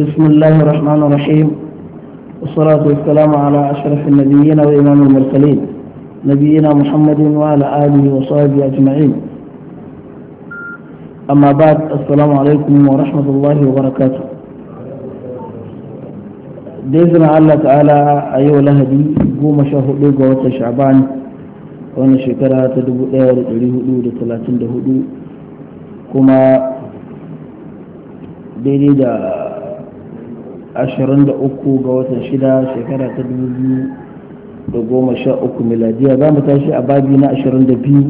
بسم الله الرحمن الرحيم والصلاة والسلام على أشرف النبيين وإمام المرسلين نبينا محمد وعلى آله وصحبه أجمعين أما بعد السلام عليكم ورحمة الله وبركاته بإذن الله تعالى أيها الهدي قوم شهدوا قوة شعبان وأنا شكرا تدبوا إير الهدو لثلاثين دهدو كما ديدي 23 ga watan shida shekara ta 2013 miladiya za mu tashi a babi na 22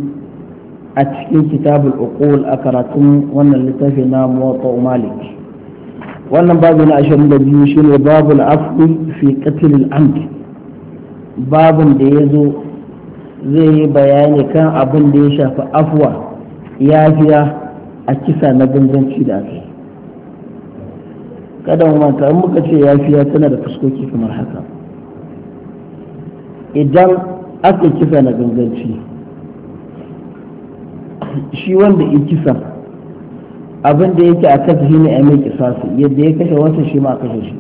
a cikin kitabul uqul a karatun wannan littafi na muwatta malik wannan babi na 22 shine babul afwi fi qatl al amd babun da zo zai yi bayani kan abin da ya shafi afwa yafiya a kisa na ganganci da ake kada mu manta in muka ce yafiya tana da fuskoki kamar haka idan aka kisa na ganganci shi wanda ya kisa abin da yake a kasa shi ne a mai kisasa yadda ya kashe wasu shi ma a kashe shi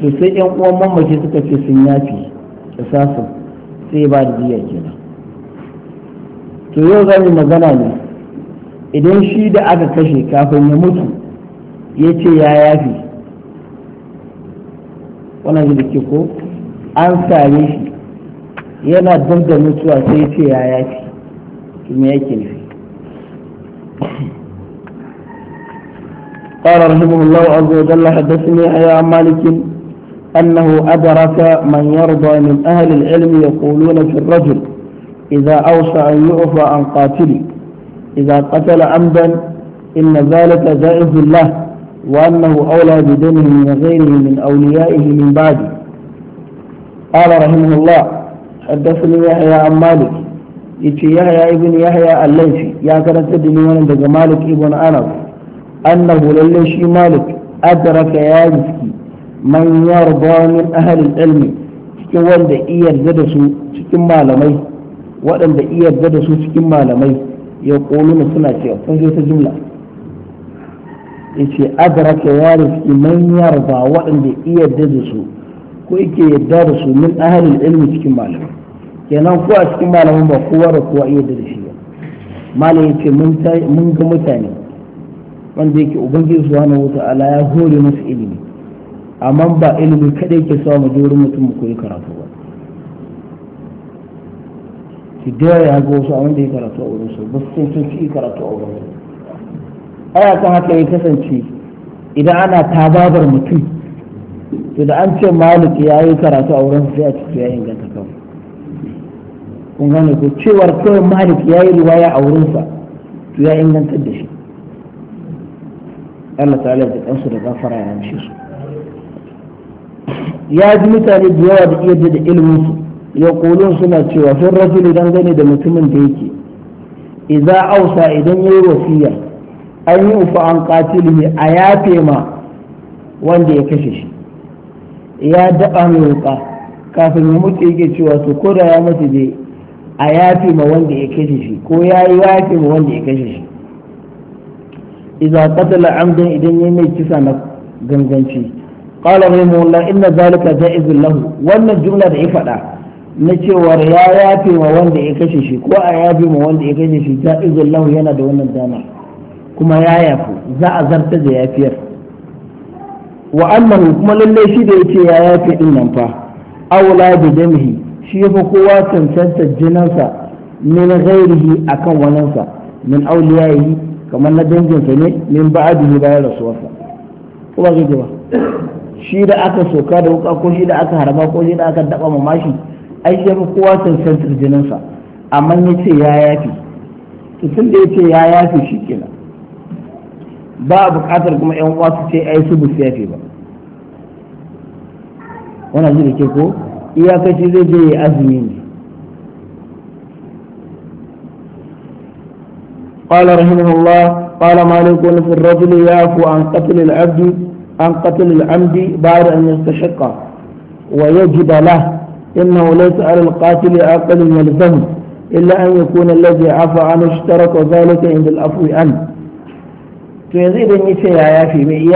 to sai yan uwan mamaki suka ce sun yafi kisasa sai ba da jiya kenan to yau zan magana ne idan shi da aka kashe kafin ya mutu ya ce ya yafi wannan da ke ko an same shi yana dab da mutuwa sai ya ce ya yafi kuma yake nufi قال رحمه الله عز وجل حدثني يا مالك أنه أدرك من يرضى من أهل العلم يقولون في الرجل إذا أوصى أن يعفى عن قاتله إذا قتل عمدا إن ذلك جائز له وأنه أولى بدمه من غيره من أوليائه من بعد قال رحمه الله حدثني يحيى عن مالك يتي يحيى ابن يحيى الليثي يا كانت تدني وانا مالك ابن انس انه لله مالك ادرك يا من يرضى من اهل العلم تكون wanda iya تكون da وأن cikin malamai waɗanda iya يقولون سنة su cikin malamai yace adraka ya rufi man yarda waɗanda iya da su ko yake yadda da su min ahalin ilmi cikin malamai kenan ko a cikin malamai ba kowa da kowa iya da shi ba malam yace mun ga mutane wanda yake ubangiji subhanahu wata'ala ya hore musu ilimi amma ba ilimi kadai ke sawa mu wurin mutum mu koyi karatu ba ki da ya ga wasu a wanda ya karatu a wurin su ba su sun fi karatu a wurin su ana kan haka ya kasance idan ana tababar mutum to da an ce malik ya yi karatu a wurin sai a ciki ya inganta kawai kun gane ko cewar kawai malik ya yi riwaya a wurinsa to ya ingantar da shi Allah ta'ala da kansu da gafara ya amshe su ya ji mutane da yawa da iya da ilimin su ya kolon suna cewa sun rajuli dangane da mutumin da yake idan ausa idan ya yi wasiyar. an yi ufa an katilihi a yafe ma wanda ya kashe shi ya daɓa mai wuka kafin ya mutu yake cewa su ko da ya mutu dai a yafe ma wanda ya kashe shi ko ya yi yafe ma wanda ya kashe shi idan katala amdan idan ya mai kisa na ganganci qala rahimahullah inna zalika jaizun lahu wannan jumla da ya faɗa na cewar ya yafe ma wanda ya kashe shi ko a yafe ma wanda ya kashe shi jaizun lahu yana da wannan dama kuma ya yafu za a zarta da yafiyar wa amma kuma lalle shi da yake ya yafi din nan fa aula bi damihi shi fa kowa tantance jinansa min ghairihi akan wanansa min auliyaihi kamar na dangin sa ne min ba'adihi bayan rasuwarsa kuma zai ba shi da aka soka da wuka ko shi da aka harba ko shi da aka daba mashi ai shi fa kowa tantance jinansa amma ce ya yafi to tun da yace ya yafi shikenan ba a buƙatar kuma yan uwa su ce ai su bu siyafi ba wannan ji ke ko iyakaci zai je ya azumi ne قال رحمه الله قال مالك في الرجل يعفو عن قتل العبد عن قتل العمد بعد أن يستحقه ويجب له إنه ليس على القاتل عقل يلزمه إلا أن يكون الذي عفى عنه اشترط ذلك عند العفو عنه to yanzu idan ya ce ya yafe mai iya